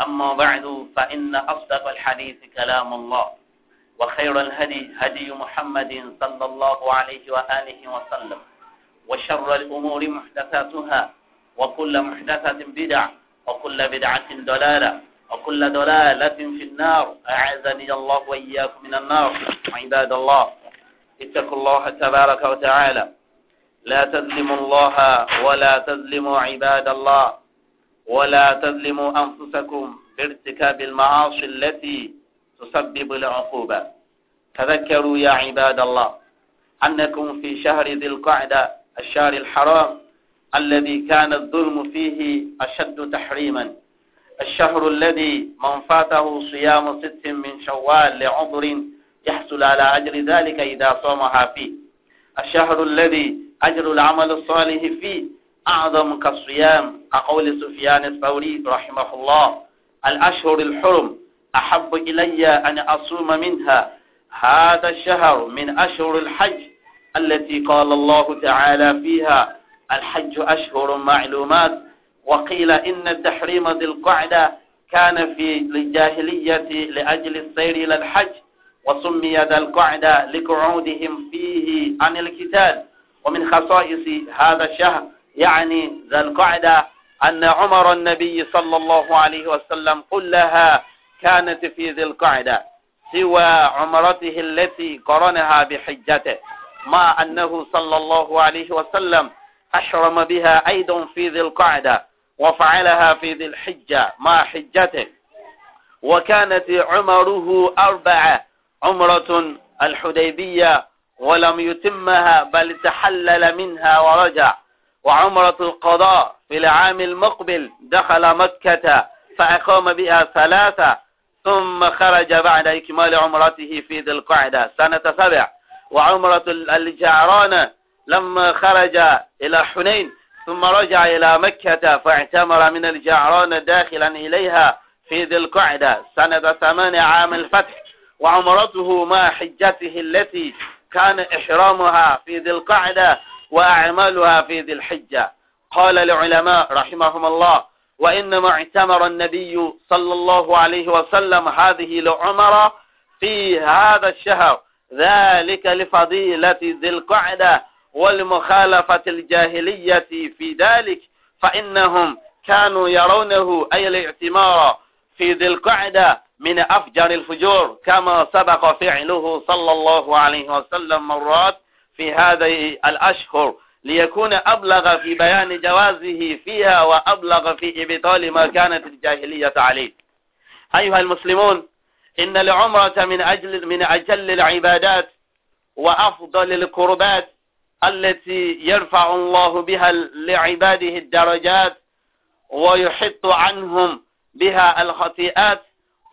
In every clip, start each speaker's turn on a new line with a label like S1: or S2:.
S1: أما بعد فإن أصدق الحديث كلام الله وخير الهدي هدي محمد صلى الله عليه وآله وسلم وشر الأمور محدثاتها وكل محدثة بدع وكل بدعة ضلالة وكل ضلالة في النار أعزني الله وإياكم من النار عباد الله اتقوا الله تبارك وتعالى لا تظلموا الله ولا تظلموا عباد الله ولا تظلموا أنفسكم بارتكاب المعاصي التي تسبب العقوبة تذكروا يا عباد الله أنكم في شهر ذي القعدة الشهر الحرام الذي كان الظلم فيه أشد تحريما الشهر الذي من فاته صيام ست من شوال لعذر يحصل على أجر ذلك إذا صامها فيه الشهر الذي أجر العمل الصالح فيه أعظم كالصيام كقول سفيان الثوري رحمه الله الأشهر الحرم أحب إلي أن أصوم منها هذا الشهر من أشهر الحج التي قال الله تعالى فيها الحج أشهر معلومات وقيل إن التحريم ذي القعدة كان في الجاهلية لأجل السير إلى الحج وسمي ذا القعدة لقعودهم فيه عن الكتاب ومن خصائص هذا الشهر يعني ذا القعدة أن عمر النبي صلى الله عليه وسلم كلها كانت في ذي القعدة سوى عمرته التي قرنها بحجته مع أنه صلى الله عليه وسلم أحرم بها أيضا في ذي القعدة وفعلها في ذي الحجة مع حجته وكانت عمره أربعة عمرة الحديبية ولم يتمها بل تحلل منها ورجع وعمرة القضاء في العام المقبل دخل مكة فأقام بها ثلاثة ثم خرج بعد إكمال عمرته في ذي القعدة سنة سبع وعمرة الجعرانة لما خرج إلى حنين ثم رجع إلى مكة فاعتمر من الجعرانة داخلا إليها في ذي القعدة سنة ثمان عام الفتح وعمرته مع حجته التي كان إحرامها في ذي القعدة وأعمالها في ذي الحجة قال العلماء رحمهم الله وإنما اعتمر النبي صلى الله عليه وسلم هذه لعمر في هذا الشهر ذلك لفضيلة ذي القعدة والمخالفة الجاهلية في ذلك فإنهم كانوا يرونه أي الاعتمار في ذي القعدة من أفجر الفجور كما سبق فعله صلى الله عليه وسلم مرات في هذه الأشهر ليكون أبلغ في بيان جوازه فيها وأبلغ في إبطال ما كانت الجاهلية عليه أيها المسلمون إن العمرة من أجل من أجل العبادات وأفضل القربات التي يرفع الله بها لعباده الدرجات ويحط عنهم بها الخطيئات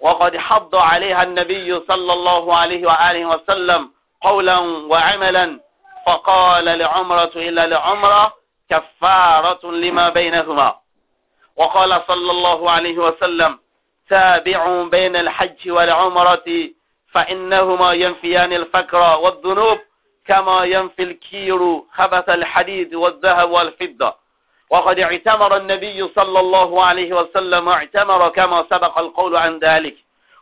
S1: وقد حض عليها النبي صلى الله عليه وآله وسلم قولا وعملا فقال لعمرة إلا لعمرة كفارة لما بينهما وقال صلى الله عليه وسلم تابعوا بين الحج والعمرة فإنهما ينفيان الفقر والذنوب كما ينفي الكير خبث الحديد والذهب والفضة وقد اعتمر النبي صلى الله عليه وسلم اعتمر كما سبق القول عن ذلك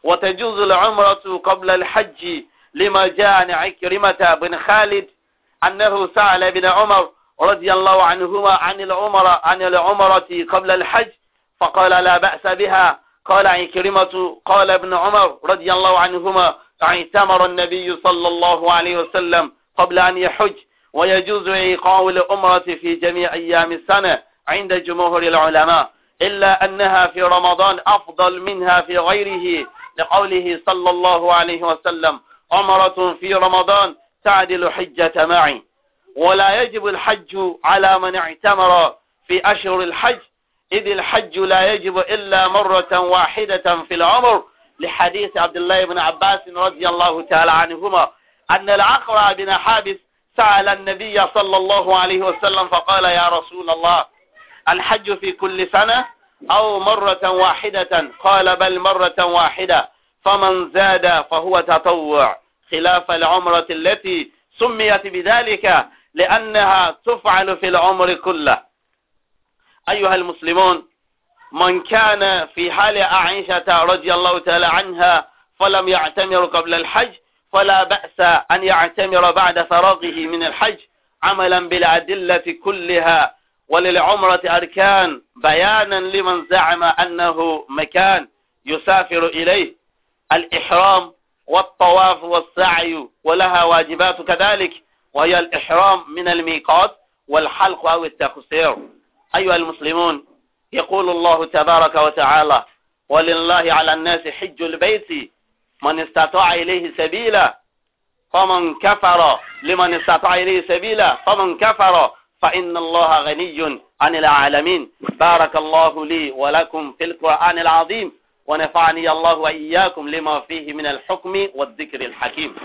S1: وتجوز العمرة قبل الحج لما جاء عكرمة بن خالد أنه سأل ابن عمر رضي الله عنهما عن العمرة عن العمرة قبل الحج فقال لا بأس بها قال عكرمة قال ابن عمر رضي الله عنهما تمر النبي صلى الله عليه وسلم قبل أن يحج ويجوز إيقاع العمرة في جميع أيام السنة عند جمهور العلماء إلا أنها في رمضان أفضل منها في غيره لقوله صلى الله عليه وسلم عمرة في رمضان تعدل حجة معي ولا يجب الحج على من اعتمر في أشهر الحج إذ الحج لا يجب إلا مرة واحدة في العمر لحديث عبد الله بن عباس رضي الله تعالى عنهما أن العقرى بن حابس سأل النبي صلى الله عليه وسلم فقال يا رسول الله الحج في كل سنة أو مرة واحدة قال بل مرة واحدة فمن زاد فهو تطوع خلاف العمرة التي سميت بذلك لأنها تفعل في العمر كله أيها المسلمون من كان في حال عائشة رضي الله تعالى عنها فلم يعتمر قبل الحج فلا بأس أن يعتمر بعد فراغه من الحج عملا بالأدلة كلها وللعمرة أركان بيانا لمن زعم أنه مكان يسافر إليه الإحرام والطواف والسعي ولها واجبات كذلك وهي الإحرام من الميقات والحلق أو التخسير أيها المسلمون يقول الله تبارك وتعالى ولله على الناس حج البيت من استطاع إليه سبيلا فمن كفر لمن استطاع إليه سبيلا فمن كفر فإن الله غني عن العالمين بارك الله لي ولكم في القرآن العظيم ونفعني الله وإياكم لما فيه من الحكم والذكر الحكيم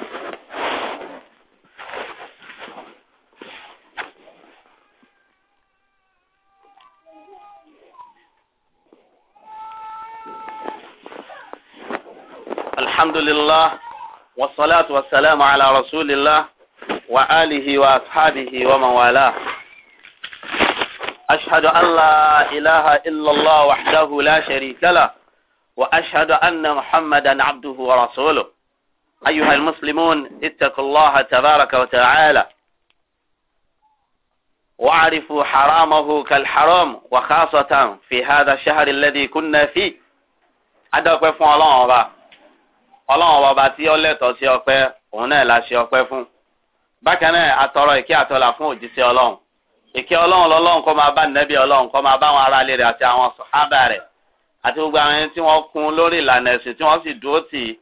S1: الحمد لله والصلاة والسلام على رسول الله وآله وأصحابه وموالاه أشهد أن لا إله إلا الله وحده لا شريك له وأشهد أن محمدا عبده ورسوله أيها المسلمون اتقوا الله تبارك وتعالى واعرفوا حرامه كالحرام وخاصة في هذا الشهر الذي كنا فيه adọ́pẹ́ fún ọlọ́run ọba ọlọ́run ọba tí ó lẹ́tọ̀ọ́ sí ọpẹ́ òun náà la ṣe ọpẹ́ fún bákan náà atọrọ ìkẹ́ àtọlà fún òjíṣẹ́ ọlọ́run ìkẹ́ ọlọ́run lọ́lọ́run kó máa bá nẹ́bí ọlọ́run kó máa bá àwọn aráalé rẹ̀ àti àwọn sàhábà rẹ̀ àti gbogbo àwọn ẹni tí wọ́n kún lórí ìlànà ẹ̀sìn tí wọ́n sì dúró tì í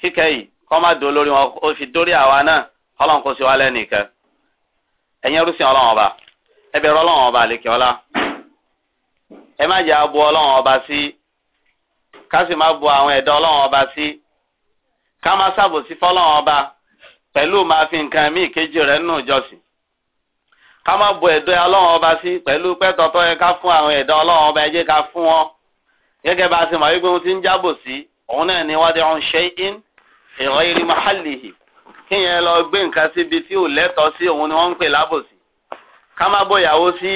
S1: kíkẹ́ yìí kọ́ má dúró lórí wọn ó fi dórí àwa náà ọlọ́run kò sí wa lẹ́nìkan ẹ̀yin ẹrúsìn ọlọ́run ọba ẹ bẹ̀rù ọlọ́run ọba àlekè ọlá ẹ má jẹ́ abo ọlọ́run ọba sí ká sì má bo àwọn ẹ̀dá ọlọ́run ọba sí ká má ṣàbòsí fọlọ́run ọba pẹ̀lú máa fi nǹkan míì kejì rẹ̀ nù jọ́sìn ká má bo ẹ̀dá ọlọ́run ọba sí pẹ̀lú pẹ́tọ́tọ́ yẹ ká fún àwọn ẹ̀dá ọlọ́run ọba ẹ jẹ́ ká fún wọn gẹ́gẹ́ bá a ṣe mọ̀ wípé ohun tí ń jábò sí òun náà ni wádìí ọ̀hún ṣe in ìrọ̀ irin mahalihi kíyẹn lọ gbé nǹkan síbi tí ò lẹ́tọ̀ọ́ sí òun ni wọ́n ń pè lábòsí ká má bòyàwó sí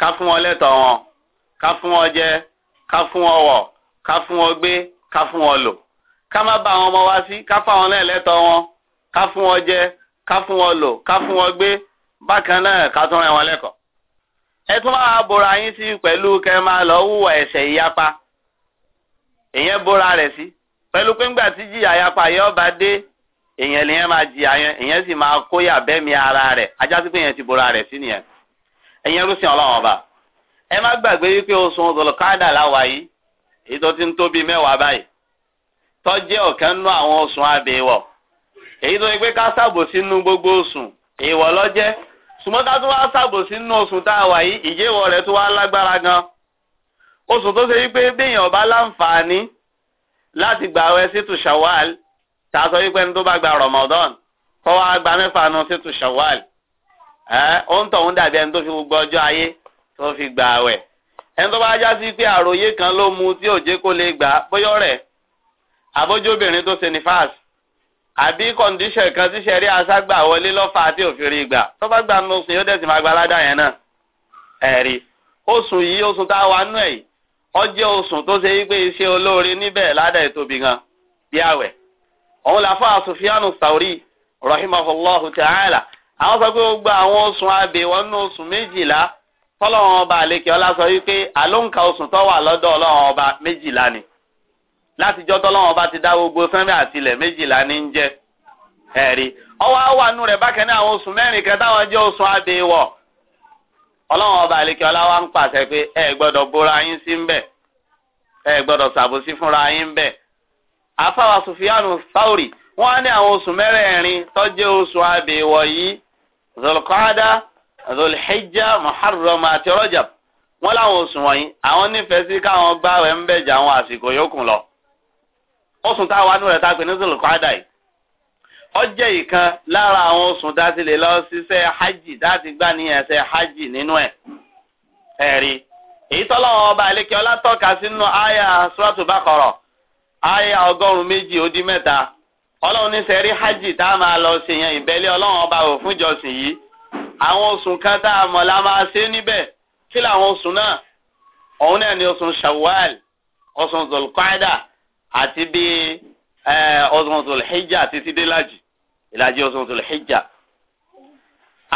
S1: ká fún wọn lẹ́tọ̀ọ́ wọn ká fún wọn jẹ ká fún wọn wọ̀ ká fún wọn gbé ká fún wọn lò ká má bá àwọn ọmọ wa sí ká fún àwọn náà lẹ́tọ̀ọ́ wọn ká fún wọn jẹ ká fún wọn lò ká fún wọn gbé bákan náà ká tún rẹ wọn lẹ́kọ̀ọ́ ẹ tún wá bora yín sí pẹ̀lú kẹ́ máa lọ ìyapa èyàn bora rẹ̀ sí pẹ̀lú pé ńgbà tí jìyà ìyapa yẹn ọba dé èyàn lèyàn máa jìyà yẹn èyàn sì máa be bẹ́mi ara rẹ̀ ajá sí pé èyàn ti bora rẹ̀ sí nìyẹn èyàn ọba ẹ má gbàgbé wípé oṣù ọ̀dọ̀lọ́kádà láwa yìí èyí tó ti ń tóbi mẹ́wàá báyìí nú àwọn oṣù èyí tó ká gbogbo oṣù ṣùgbọ́n ká tún wá ṣàbòsí nínú oṣù tá a wà yìí ìjẹ́wọ̀ rẹ̀ tún wá lágbára gan oṣù tó ṣe wípé béèyàn bá láǹfààní láti gbà wẹ̀ sítù ṣàwàl tá a sọ wípé ẹni tó bá gba Ramadan kọ́ wá gba mẹ́fà nu sítù ṣàwàl ẹ́ ó tọ̀hún dàbí ẹni tó fi gbogbo ọjọ́ ayé tó fi gbà wẹ̀ ẹni tó bá já sí pé àròyé kan ló mu tí òjé kó lè gbà bóyọ́ rẹ̀ àbójóbìnrin tó ṣe ní fáàsì àbí kọ̀ǹdíṣọ̀n kan tí sẹ́rí àṣàgbà wọlé lọ́fà àti òfìrí ìgbà tó bá gbà nínú oṣù yóò dẹ̀sìn máa gba aládàá yẹn náà ẹ̀rí oṣù yìí oṣù tá a wà nù ẹ̀ ọjẹ́ oṣù tó ṣe wípé iṣẹ́ olóore níbẹ̀ ládàá ìtòbí gan bí àwẹ̀ òun là fún àṣùfíànù sàórì rahimahullahu ta'ala àwọn sọ pé ó gba àwọn oṣù abèwọ̀ nínú oṣù méjìlá tọ́lọ́wọ́n ọba àlekè ọlá sọ wípé àlóǹkà oṣù tó wà lọ́dọ̀ ọlọ́wọ́n ọba méjìlá ni látijọ́ tọ́lọ́wọ́n bá ti dá gbogbo sánmẹ́ àti ilẹ̀ méjìlá ní ń jẹ́ ẹ̀rí ọwọ́ àwọn rẹ̀ bákan náà àwọn oṣù mẹ́rin kan táwọn jẹ́ oṣù abẹ́wọ̀ ọlọ́wọ́n ọba àlekè ọláwà ń pàṣẹ pé ẹ gbọ́dọ̀ bóra yín sí ń bẹ̀ ẹ gbọ́dọ̀ ṣàbòsí fúnra yín ń bẹ̀ afáwa sufiyanu sauri wọ́n á ní àwọn oṣù mẹ́rẹ̀ẹ̀rin tó jẹ́ oṣù abẹ́wọ̀ yìí zolkada zolhijja muharram àti rajab wọ́n láwọn oṣù wọ̀nyí àwọn nífẹ̀ẹ́ sí káwọn gbáwẹ̀ ń bẹ̀ àwọn àsìkò yòókù lọ. osun t'a a ọrịa nù rẹ̀ tá a pè yìí kan. lára àwọn oṣù tá lè lọ hajj láti gbà ní hajj nínú ẹ̀ ẹ̀rí èyí ọba àlékè ọlá sínú àyà sùrọ̀tù bákọ̀rọ̀ àyà ọgọ́rùn méjì ó dín mẹ́ta ọlọ́run ní sẹ́rí hajj tá a máa lọ yẹn ìbẹ́lẹ́ ọlọ́run ọba ò fún kan tá a mọ̀ la máa ṣe níbẹ̀ kí làwọn náà náà ni àti bí ọ̀sọ̀ọ̀sọ̀ hijja títí dé lájì ìlàjì ọ̀sọ̀ọ̀sọ̀ hijja.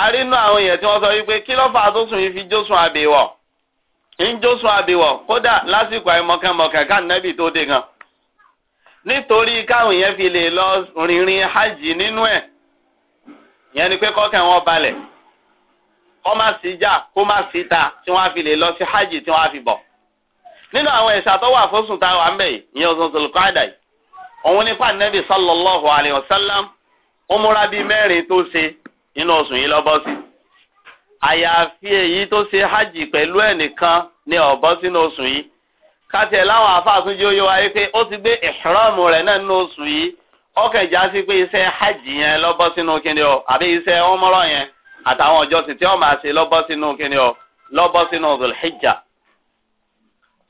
S1: arínú àwọn èèyàn tí wọ́n sọ wípé kí ló fà tó sùn yìí fi jósùn àbẹ̀wọ̀ ń jósùn àbẹ̀wọ̀ kódà lásìkò àìmọ̀kànmọ̀kàn ká nẹ́bì tó dé gan. nítorí káwọn èèyàn fi lè lọ rìnrìn hajj nínú ẹ̀ ìyẹn ni pé kọ́kàn wọn balẹ̀ kọ́ má sí jà kó má sí ta tí wọ́n á fi lè lọ sí hajj tí wọ́n á fi bọ̀ nínú àwọn ẹ̀ṣà tó wà fún sùn tá a wà ń bẹ̀ yìí ìyẹn oṣù tòlùkọ́dà yìí òun nípa nẹ́bì sallallahu alayhi wa sallam ó múra bíi mẹ́rin tó ṣe nínú oṣù yìí lọ́bọ́ sí àyàfi èyí tó ṣe hajj pẹ̀lú ẹnìkan ní ọ̀bọ́ sínú oṣù yìí kátìẹ̀ láwọn àfáàtún jẹ́ oyé wáyé pé ó ti gbé ìhìrọ́ọ̀mù rẹ̀ náà nínú oṣù yìí ọkàn já sí pé iṣẹ́ hajj yẹn lọ́bọ́ sínú kíni o àbí iṣẹ́ ọmọrọ̀ yẹn àtàwọn ọjọ́ tí wọ́n máa ṣe lọ́bọ́ sínú kíni o lọ́bọ́ sínú dhul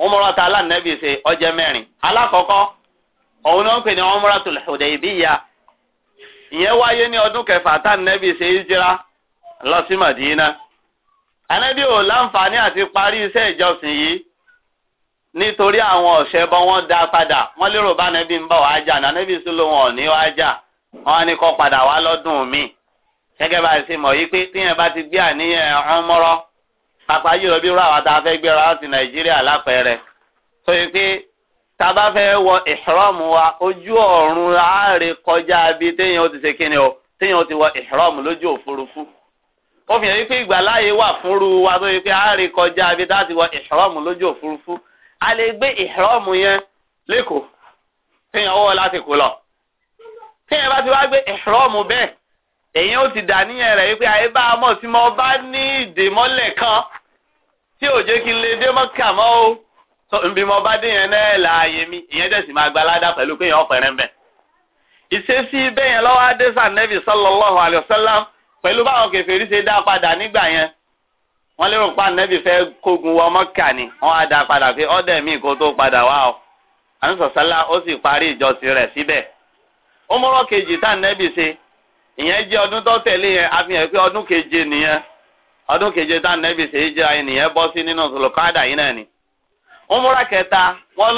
S1: umrah ta alánàbì ṣe ọjẹ́ mẹ́rin òun náà pè ní umratul ìyẹn wáyé ní ọdún kẹfà tánàbì ṣe Ijira lọ sí Madina ànábì ò láǹfààní àti parí iṣẹ́ ìjọsìn yìí nítorí àwọn ọ̀sẹ̀ bọ́ dá padà lérò bá ń bọ̀ wá jà ò ní wá jà á ní padà wá lọ́dún gẹ́gẹ́ bá a ṣe mọ̀ yí pé tíyẹn pàpà yìí lọ bí rú àwọn tá a fẹ́ gbéra láti nàìjíríà lápẹẹrẹ tó yẹ pé tá a bá fẹ́ wọ ìhrọ́mù wa ojú ọ̀run àárẹ̀ kọjá bí téèyàn ti ṣe kíni o téèyàn ti wọ ìhrọ́mù lójú òfurufú ó fi hàn yí pé ìgbàláyé wà fúnru wa tó yẹ pé àárẹ̀ kọjá bí tá wọ ìhrọ́mù lójú òfurufú a lè gbé ìhrọ́mù yẹn lẹ́kọ̀ọ́ téèyàn wọ̀ láti kú lọ téèyàn bá ti wá gbé ìhrọ́mù bẹ́ẹ̀ èyí ó ti dà níyẹn rẹ̀ wípé àyè bá a mọ̀ sí mo bá ní ìdèmọ́lẹ̀ kan tí ò jẹ́ kí n lè mọ́ o nbí mo bá dé yẹn náà láàyè mi ìyẹn jẹ́ sì máa gba aládá pẹ̀lú pé yẹn ọ̀fẹ́rẹ́ ń bẹ̀. ìṣesí bẹ́yẹn lọ́wọ́ adéṣà nẹ́bì sallallahu pẹ̀lú báwọn kèfèrí ṣe dá padà nígbà yẹn wọ́n kógun wọ ni wọ́n á dá padà pé ọ́dẹ̀ mi tó o ó sì parí ìjọsìn rẹ̀ síbẹ̀ ó kejì tá nẹ́bì ṣe ìyẹn jẹ́ ọdún tó tẹ̀lé yẹn àfihàn pé ọdún keje nìyẹn ọdún keje tá nẹ́bí ṣe é jẹ́ bọ́ sí nínú zulukada yìí náà ni. umura kẹta wọn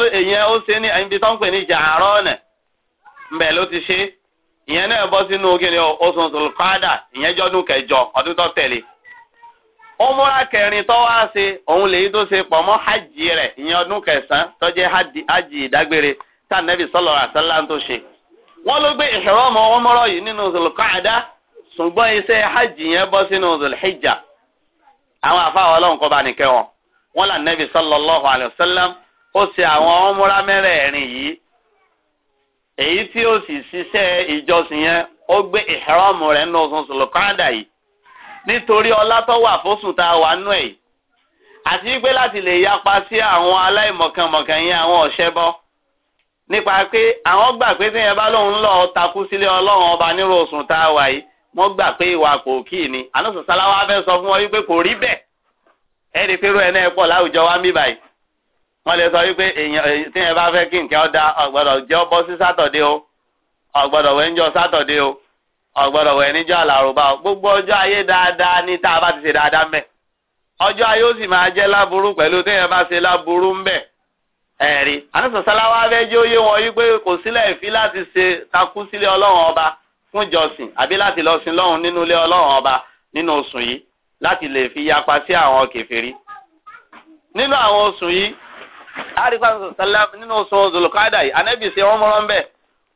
S1: ó ṣe ní ibi tó ń pè ní ti ṣe ìyẹn náà bọ́ sínú kíni oṣù zulukada ìyẹn kẹjọ ọdún tó tẹ̀lé. umura kẹrin tó wá ṣe òun lèyí rẹ̀ ìyẹn ọdún kẹsàn-án tó jẹ́ hajj ìdágbére tá àwọn àfáwọn ọlọ́run kọ́ bá nìkẹ́ wọn wọn là nẹ́bí sallallahu alayhi wa sallam ó ṣe àwọn ọmúra mẹ́rẹ̀ẹ̀rin yìí èyí tí ó sì ṣiṣẹ́ ìjọsìn yẹn ó gbé ìhẹ́rọ́mù rẹ̀ nínú oṣù sọlọ́kàndà yìí nítorí ọlá tó wà fóṣùn tá a wà nú ẹ̀ yìí àti wípé láti lè yapa sí àwọn aláìmọ̀kànmọ̀kàn yẹn àwọn ọ̀ṣẹbọ nípa pé àwọn gbà pé tí yẹn bá lóun lọ takú sílé ọlọ́run ọba nírú oṣù tá a wà yìí wọ́n gbà pé ìwà kò kí ni ànásọ̀ sáláwá fẹ́ sọ fún wọn wípé kò rí bẹ́ẹ̀ ẹni pé irú ẹ̀ náà pọ̀ láwùjọ wa ń bí báyìí wọ́n lè sọ wípé èèyàn tí yẹn bá fẹ́ kí nǹkan ọ̀dà ọ̀gbọ́dọ̀ jẹ́ ọbọ̀ sí sátọ̀dé o ọ̀gbọ́dọ̀ wẹ̀ níjọ́ sátọ̀dé o ọ̀gbọ́dọ̀ wẹ̀ níjọ́ àlàrúbá o gbogbo ọjọ́ ayé dáadáa ní tá a bá ti ṣe dáadáa mẹ́ ọjọ́ ayé ó sì máa jẹ́ láburú pẹ̀lú tí yẹn bá ṣe láburú ń bẹ̀ ẹ̀rí ànásọ̀ sáláwá fẹ́ jẹ́ óyé wọn wípé kò sílẹ̀ ìfí láti ṣe takú sílé ọlọ́run ọba fún jọsìn àbí láti lọ sin lọ́hùn nínú ilé ọlọ́run ọba nínú oṣù yìí láti lè fi yapa sí àwọn kèfèrí nínú àwọn oṣù yìí àríkàtúntò sẹlẹ nínú oṣù zolokada yìí anabi ṣe wọn mọrọ nbẹ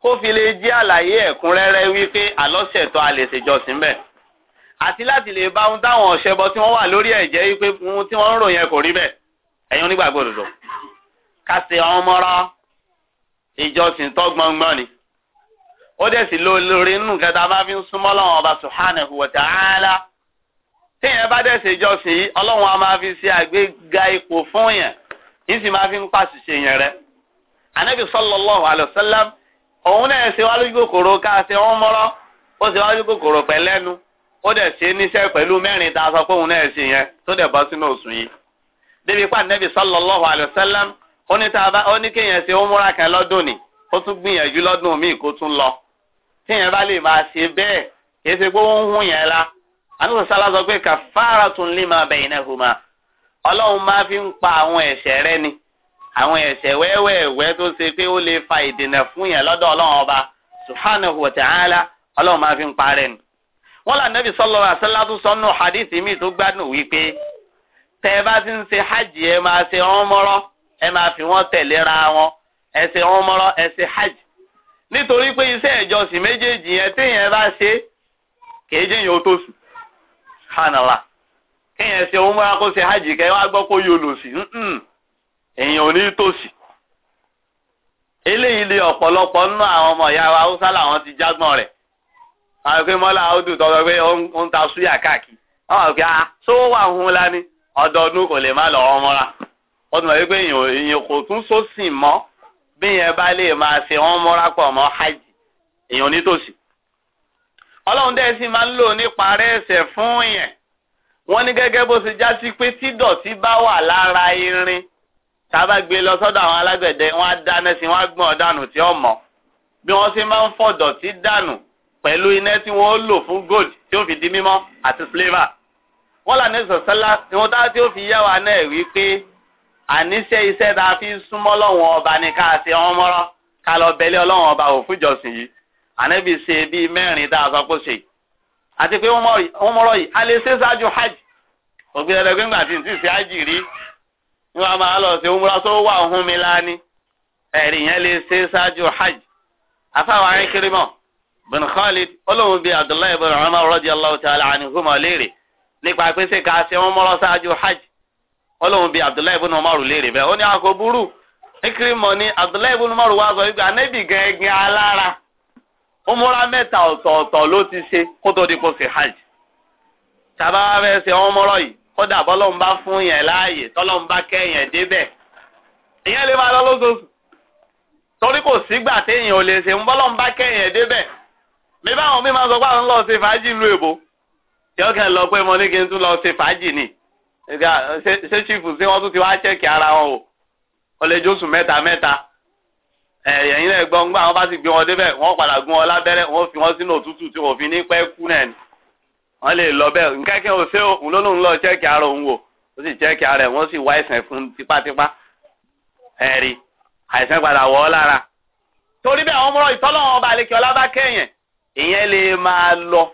S1: kó fi lè jẹ àlàyé ẹ̀kúnrẹ́rẹ́ wípé àlọsẹtọ a lè ṣèjọsìn bẹ àti láti lè bá ohun táwọn ọ̀ṣẹbọ tí wọ́n wà lórí ẹ̀jẹ̀ wípé ohun tí wọ́n ń ròyìn kò rí bẹ́ẹ̀ ẹ̀yin onígbàgbọ́ kàṣẹ ọmọrọ ìjọsìn tó ni ó dẹ̀ si lórí inú nǹkan tá a bá fi ń súnmọ́ Ọlọ́run ọba subhanahu wa ta'ala si bá dẹ̀ ṣe ìjọsìn yìí Ọlọ́run a máa fi ṣe àgbéga ipò fún yẹn yìí sì fi ń pàṣìṣe yẹn rẹ. anabi sallallahu alayhi òun náà ṣe wá kòkòrò ká ṣe wọn ó ṣe kòkòrò a sọ pé òun náà ṣe yẹn tó dẹ̀ bọ́ sínú òsùn yìí. débi pa tí yẹn bá lè máa ṣe bẹ́ẹ̀ kì í ṣe pé wọ́n ń hún yẹn la àníṣe sálá sọ pé kàfàrà tún lè máa bẹ̀yìn náà hùmà ọlọ́run máa fi ń pa àwọn ẹ̀ṣẹ̀ rẹ ni àwọn ẹ̀ṣẹ̀ wẹ́wẹ́wẹ́ tó ṣe pé ó lè fa ìdènà fún yẹn lọ́dọ̀ ọlọ́run ọba subhanahu wa ta'ala ọlọ́run máa fi ń parẹ́ ni. wọ́n là nẹ́bí sọ́lọ́ àṣẹlá tó sọ́nù hadithi mi tó gbádùn wípé tẹ́ ẹ bá ti ń ṣe hajj ẹ máa ṣe ọmọrọ́ ẹ máa fi wọ́n tẹ̀léra wọn ẹ ṣe ọmọrọ́ ẹ ṣe hajj nítorí pé iṣẹ́ ìjọsìn méjèèjì yẹn téèyàn bá ṣe kì í jẹ́yìn ó tó sùn hànàlà kéèyàn ṣe òun múra kó ṣe hajj kẹ́ wá gbọ́ kó yóò lò sí èèyàn ò ní tòsí. eléyìí lè ọ̀pọ̀lọpọ̀ nínú àwọn ọmọ ìyá wa haúsá làwọn ti jágbọ́n rẹ̀ àwọn pé mọ́lá ọdún tọ́jọ́ pé ó ń ta súyà káàkiri àwọn àwọn pé a ah, sówó wà ń hun lání ọdọọdún kò lè má lọ ọmọ ra wọ́n ti mọ̀ wípé èèyàn kò tún sósìn mọ́ bí yẹn bá lè máa ṣe wọn múra pọ̀ mọ́ hajj èèyàn nítòsí ọlọ́run dẹ́ sì máa ń lò nípa rẹ̀ ẹ̀sẹ̀ fún yẹn wọ́n ní gẹ́gẹ́ bó ṣe já sí pé tí dọ̀tí bá wà lára irin tá a bá gbé lọ sọ́dọ̀ àwọn alágbẹ̀dẹ wọ́n á dáná sí wọ́n á gbọ̀n dànù tí ó mọ́ bí wọ́n ṣe máa ń fọ̀ dọ̀tí dànù pẹ̀lú iná tí wọ́n lò fún gold tí ó fi di mímọ́ àti flavour wọ́n là ní sọ̀sọ́lá ìwọ̀n tá tí ó fi yá wa náà wí pé àníṣe iṣẹ́ tá a fi súnmọ́ lọ́wọ́n ọba ni ká ṣe ọmọ mọ́rọ́ ká lọ bẹ̀lẹ́ ọlọ́wọ́n ọba òfújọsìn yìí ànábì ṣe bíi mẹ́rin tá a sọ pé ṣe àti pé wọ́n mọ́rọ́ yìí a lè ṣe ṣáájú hajj ògbìn ẹ̀rọ gbẹ̀ngbà tí n sì ṣe hajj rí ní wàá máa lọ sí òmùrọ̀ tó wà ọ̀hún mi láni ẹ̀rì yẹn lè ṣe ṣáájú hajj afáwọn akérèmọ̀ bin Khalid olóhùn bíi Abdullahi bin Umar radiyallahu ta'ala anhuma léèrè nípa pé ṣe ká ṣe wọ́n ṣáájú hajj ọlọ́run bíi abdullahi ibùnú ọmọrù léèrè bẹ́ẹ̀ ó ní àkó burú ikrimọ ní abdullahi ibùnú ọmọrù wá sọ wípé anẹ́bì gan ẹgbin alára umura mẹ́ta ọ̀tọ̀ọ̀tọ̀ ló ti ṣe kó tó di kó ṣe hajj sábà wá fẹ́ ṣe wọn mọ́rọ̀ yìí kódà bọ́lọ́run bá fún yẹn láàyè tọ́lọ́run bá kẹ́ yẹn débẹ̀ ìyẹn lè máa lọ lóṣooṣù torí kò sígbà téèyàn ò lè ṣe ń bọ́lọ́run bá kẹ́ yẹn débẹ̀ mi báwọn mi máa sọ pé àwọn lọ ṣe fàájì ìlú èbó tí ó kẹ́ lọ pé mo ní kí n tún lọ ṣe fàájì ni ṣé chifu ṣé wọ́n tún ti ara wọn o ọlẹ́jọ́ oṣù mẹ́ta mẹ́ta ẹ̀yìn náà gbọ́n bá ti gbé wọn débẹ̀ wọ́n padà wọn fi wọn sínú òtútù tí wọ́n fi ní pẹ́ kú náà ni lè lọ bẹ́ẹ̀ ose ara òun wò ó sì ara ẹ wọn sì wá ẹ̀sẹ̀ fún tipátipá àìsàn padà lára torí bẹ́ẹ̀ ìtọ́lọ́wọ́n ọba kẹ́yìn ìyẹn lè máa lọ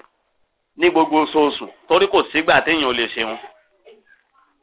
S1: ní gbogbo oṣooṣù torí kò sígbà téèyàn ò lè ṣe wọn.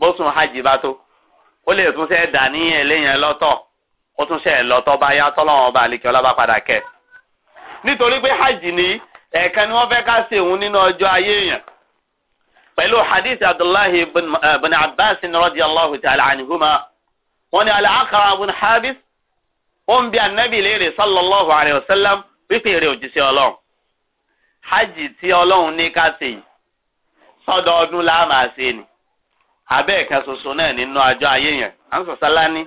S1: bóṣùn hajj bá tó ó lè tún ṣe dà ní ẹlẹ́yìn lọ́tọ̀ ó tún ṣe lọ́tọ̀ bá yá tọ́lọ́wọ́n bá àlekè ọlọ́ba padà kẹ́ nítorí pé hajj ní ẹ̀ẹ̀kan ni wọ́n fẹ́ ká ṣe òun nínú ọjọ́ ayé èèyàn pẹ̀lú hadith abdullahi bin eh, abbas radiyallahu ta'ala anhuma wọ́n ní al-Aqra' bin habis ó ń bi anabi léèrè sallallahu alayhi wa sallam wípé èrè òjíṣẹ́ ọlọ́run hajj tí ọlọ́run ní ká ṣe yìí láàmà ṣe ni abẹ́ ẹ̀ka ṣoṣo náà nínú ọjọ́ ayé yẹn à ń sọ̀sálá ní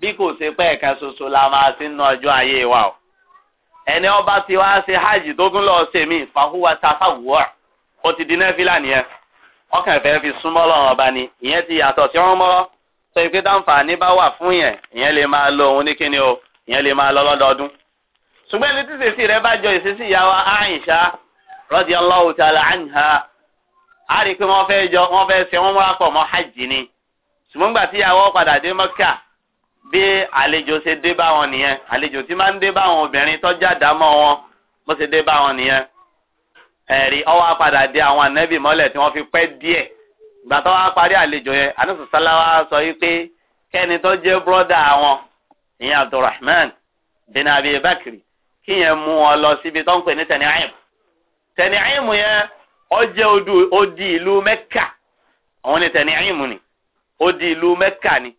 S1: bí kò ṣe pé ẹ̀ka ṣoṣo la máa ṣe nínú ọjọ́ ayé wa o ẹni ọba ti wá ṣe hajj tó tún lọ ṣe mí fàhùwà tàfàwùwà ó ti di nẹ́fìlà nìyẹn ọkàn ìfẹ́ fi súnmọ́ lọ́rùn ọba ni ìyẹn ti yàtọ̀ sí ọ̀run mọ́rọ́ sọ pé dáǹfààní bá wà fún yẹn ìyẹn lè máa lo òun ní kíni o ìyẹn lè máa lọ lọ́dọọdún ṣùgbọ́n ẹni tí ìṣesí rẹ bá jọ ìṣesí ìyá wa Àìṣà radiyallahu ta'ala anha a rí i pé wọ́n fẹ́ jọ wọ́n fẹ́ ṣe wọ́n wá pọ̀ mọ́ hajj ni ṣùgbọ́n gbà tí ìyàwó padà dé mọ́kà bí àlejò ṣe dé bá wọn nìyẹn àlejò tí máa ń dé bá àwọn obìnrin tọ́jà dámọ́ wọn bó ṣe dé bá wọn nìyẹn ẹ̀rí ọwọ́ apàdà dé àwọn ànẹ́bì mọ́lẹ̀ tí wọ́n fi pẹ́ díẹ̀ ìgbà tó wá parí àlejò yẹn anúṣù sáláwá sọ yìí pé kẹ́ni tó jẹ́ bọ́dà wọn ìyẹn Abdulrahman bin Abi Bakri kíyẹn mú wọn lọ síbi tó ń pè ní tẹ̀niáìmù tẹ̀niáìmù yẹn ọjẹ́ odi ìlú mẹ́kà òun ni tẹ̀lé ẹ̀yìnmù ni odi ìlú mẹ́kà ni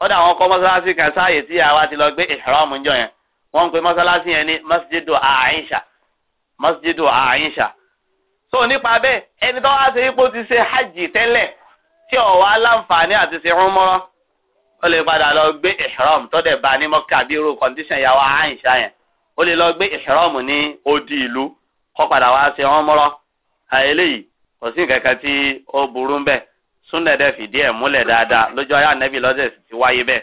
S1: ó dà wọn kọ́ mọ́sálásí kan sáàyè tí àwa ti lọ gbé ìhàrámù jọ yẹn wọ́n ń pe mọ́sálásí yẹn ní masjidu aisha masjidu aisha so nípa bẹ́ẹ̀ ẹni tó wá ṣe ipò ti ṣe hajj tẹ́lẹ̀ tí ó wá láǹfààní àti ṣe rúmọ́rọ́ ó lè padà lọ gbé ìhàrámù tó dẹ̀ bá ní mọ́kà bí irú kọ́ndíṣàn ìyàwó aisha yẹn ó lè lọ gbé ìhàrámù ní odi ìlú kó padà wá ṣe rúmọ́rọ́ àìlèyìí kò kankan tí ó burú ń bẹ súnlẹ̀ dẹ̀ fìdí múlẹ̀ dáadáa lójú ayé ànẹ́bí lọ́sẹ̀ ti wáyé bẹ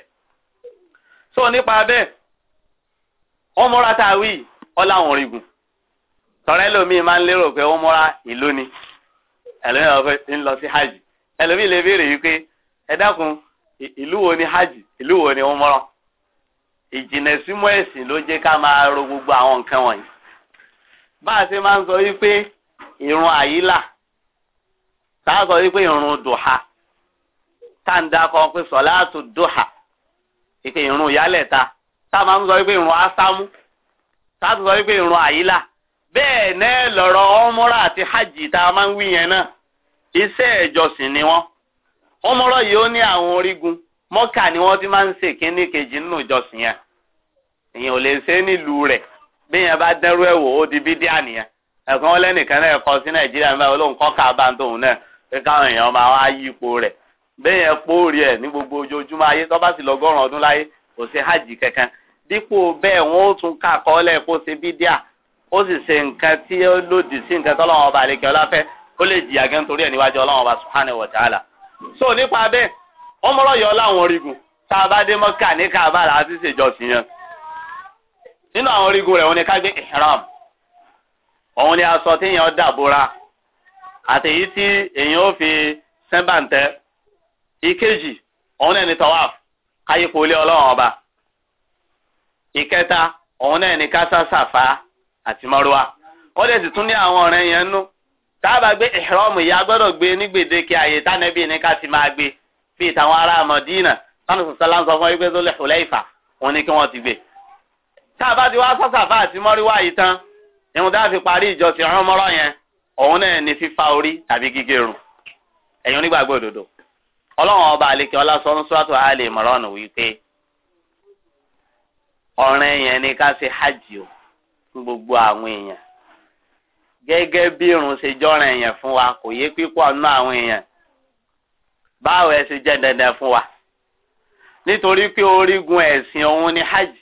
S1: so nípa bẹ́ẹ̀ wọ́n múra tá a wí ọ́ láwọn orígun tọ́rẹ́ lómi máa ń lérò pé ni ẹlòmíì lọ pé hajj ẹlòmíì lè béèrè yìí pé ẹ dákun ìlú wo ni hajj ìlú wo ni múra símú ló ká máa gbogbo àwọn nǹkan bá a máa ń ìrun ayila, táà sọ wípé ìrun tanda táà ń dákọ pé sọláàtù dùhà ya ìrun ìyálẹ̀ta táà máa ń asamu, wípé ìrun ásámú ayila. bẹ́ẹ̀ lọ̀rọ̀ àti hajj ta ma máa ń na. náà ni ti ma ò lè nílùú bí yẹn bá wò ó ẹ̀kan wọn lẹ́nìkan náà kọ sí nàìjíríà nígbà wọn lóun kọ́ káàbá tóun náà pé káwọn èèyàn máa wá yí ipò rẹ̀ bẹ́ẹ̀ yẹn póòrì ẹ̀ ní gbogbo ojoojúmọ́ ayé tó bá sì lọ́gọ́rùn ọdún láyé kò sí hajj kankan dípò bẹ́ẹ̀ wọ́n ó tún ká àkọọ́lẹ̀ kó ṣe bídíà ó sì ṣe nǹkan tí ó lòdì sí nǹkan tọ́lọ́wọ́n ọba àlekẹ́ ọláfẹ́ kó lè jìyà gẹ́ nítorí ẹ̀ níwájú ọlọ́wọ́n ọba òun ni aṣọ tí èèyàn dàbora àtẹ̀yí tí èèyàn ó fi sẹ́ńbàǹtẹ́ ìkejì òun náà ni tọ́wáf káyípo ilé ọlọ́run ọba ìkẹta òun náà ni kásásàfà àti mọ́rúwá ó lè sì tún ní àwọn ọ̀rẹ́ yẹn nú táàbà gbé ìhrọ́mù yìí agbọ́dọ̀ gbé ní gbèdéke àyè tánẹ́bì ní ká ti máa gbé bí ìtàwọn ará Mádínà sanu sọ̀sọ́lá ń fún ẹgbẹ́ tó lè Hulaifa òun ni kí wọ́n ti gbé táàbà ti wá sásàfà àti mọ́rúwá yìí tán irun tá a fi parí ìjọsìn ọmọrọ yẹn òun náà ni fífa orí tàbí gígérun ẹ̀yin onígbàgbọ́ òdodo ọlọ́run ọba àlekè ọlásọ́nù sọ́tò àlè ìmọ̀ràn wípé ọ̀rẹ́ yẹn ni ká ṣe hajj o fún gbogbo àwọn èèyàn gẹ́gẹ́ bí irun ṣe jọ́ràn yẹn fún wa kò yé pípọ̀ nú àwọn èèyàn báwo ẹ ṣe jẹ́ dandan fún wa nítorí pé orígun ẹ̀sìn òun ni hajj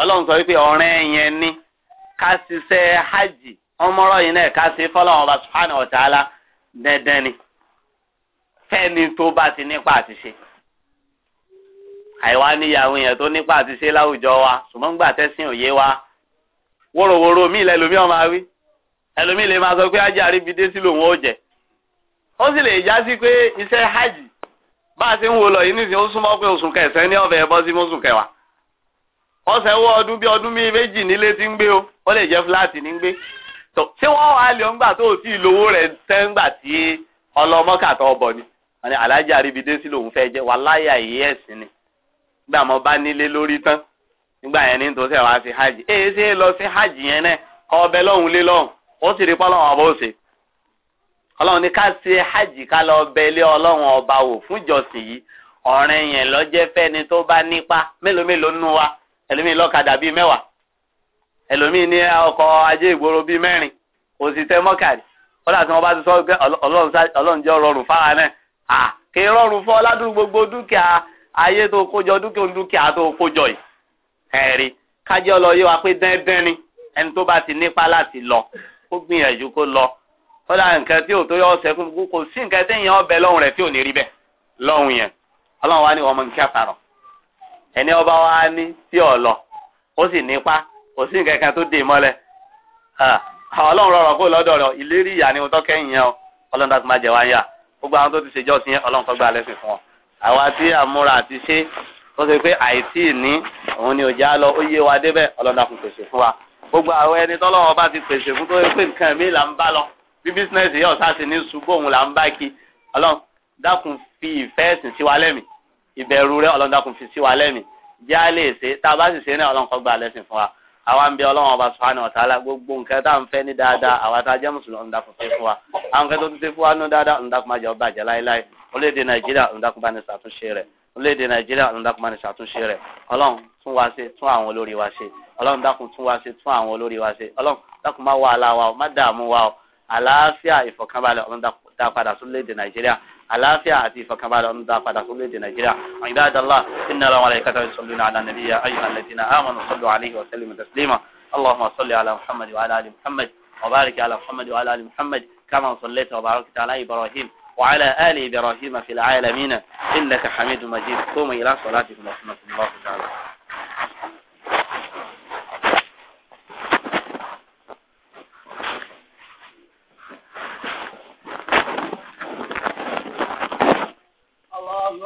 S1: ọlọ́run sọ wípé ọ̀rẹ́ yẹn ni. ká ṣiṣẹ́ hajj ọmọọrọ yìí náà ká ṣe fọlọ́wọn ọba subhanahu wa ta'ala dandan ni fẹ́ni tó bá ti nípa àti ṣe àìwá níyàwó yẹn tó nípa àti ṣe láwùjọ wa ṣùgbọ́n gbà tẹ́sìn òye wa wóróworó mi lẹ́lòmí ọmọ àwí ẹlòmí lè máa sọ pé ajé àríbidé sí lòun ó jẹ ó sì lè já sí pé iṣẹ́ hajj bá a ṣe ń wo lọ yìí nísìnyí ó súnmọ́ pé oṣù kẹsàn-án ní ọ̀fẹ́ bọ́ sí mọ́sùn kẹwàá ọsẹ wọ ọdún bíi ọdún bíi méjì nílé tí ń gbé o ó lè jẹ fúláàtì ní gbé tó ṣé wọ́n wá lè ọgbà tó tí lówó rẹ̀ tẹ́ngbà tí ọlọ́mọkàtà ọbọ̀ ni alájà àríbidé sí lòun jẹ jẹ́ láyà yìí ẹ̀sìn ni nígbà mo bá nílé lórí tán nígbà yẹn ní hajj èyí lọ sí hajj yẹn náà lé ó sì rí ní hajj ká lọ bẹ ilé ẹlòmíì lọ́kadà bíi mẹ́wàá ẹlòmíì ní ọkọ̀ ajé ìgboro bíi mẹ́rin kò sì tẹ mọ́kàrí kọ́lá tí wọ́n bá ti sọ pé ọlọ́run jẹ́ rọrùn fáwa náà à kì í rọrùn fún ọ ládùúgbò gbogbo dúkìá ayé tó kójọ dúkìá dúkìá tó kójọ yìí ẹ̀rí kájẹ́ ọlọ yé wa pé dẹ́ndẹ́n ni ẹni tó bá ti nípa láti lọ kó gbìyànjú kó lọ kọ́lá nǹkan tí ò tó yọ ọ̀sẹ̀ fún kò sí nǹkan téèyàn ọbẹ̀ lọ́hùn rẹ̀ tí ò ní rí bẹ́ẹ̀ lọ́hùn yẹn ọlọ́run wa ni wọ́n mọ nǹkan àtàrọ̀ ẹni ọba wa ní tí ò lọ ó sì nípa kò sí nǹkan kan tó dè mọ́lẹ̀ ọlọ́run rọrọ̀ kó lọ́dọ̀ rọ ìlérí ìyá ni tó kẹ́yìn yẹn o ọlọ́run tó ti máa jẹ wá ń yà gbogbo àwọn tó ti ṣèjọ́ sí yẹn ọlọ́run tó gbà lẹ́sìn fún ọ àwa tí àmúra àti ṣe tó ṣe pé àìtí ní òun ni òjá lọ ó yé wa débẹ̀ ọlọ́run àkùn pèsè fún wa gbogbo àwọn ẹni tọ́lọ́wọ́ bá ti pèsè fún tó ṣe pé nǹkan mi là ń bá lọ bí bísíǹnẹ̀sì yóò sá sí ní ṣùgbọ́n òun là ń bá kí ọlọ́run dákun fi ìfẹ́ ẹ̀sìn sí wa lẹ́mìí ìbẹ̀rù rẹ ọlọ́run dákun fi sí wa lẹ́mìí jẹ́ á lè ṣe tá a bá sì ṣe náà ọlọ́run kó gbà lẹ́sìn fún wa àwa ń bẹ ọlọ́run ọba sùhánù ọ̀tàlá gbogbo nǹkan tá à ń fẹ́ ní dáadáa àwa tá a jẹ́ mùsùlùmí ọ̀ndàkùn ṣe fún wa àwọn nǹkan tó ti ṣe fún wa ní dáadáa ọ̀ndàkùn máa jẹ́ ọba àjẹ́ láéláé orílẹ̀-èdè nàìjíríà ọ̀ndàkùn bá ní ṣàtúnṣe rẹ̀ orílẹ̀-èdè nàìjíríà ọ̀ndàkùn bá ní ṣàtúnṣe rẹ̀ ọlọ́run tún wa ṣe tún àwọn olórí wa ṣe ọlọ́run dákun tún wa ṣe tún àwọn olórí wa ṣe ọlọ́run dákun má wàhálà العافية عزيفة كما لأن دافع دخول دينا عباد الله إن الله وليكتب يصلون على النبي أيها الذين آمنوا صلوا عليه وسلم تسليما اللهم صل على محمد وعلى آل محمد وبارك على محمد وعلى آل محمد كما صليت وباركت على إبراهيم وعلى آل إبراهيم في العالمين إنك حميد مجيد قوم إلى صلاتكم وصلاة الله تعالى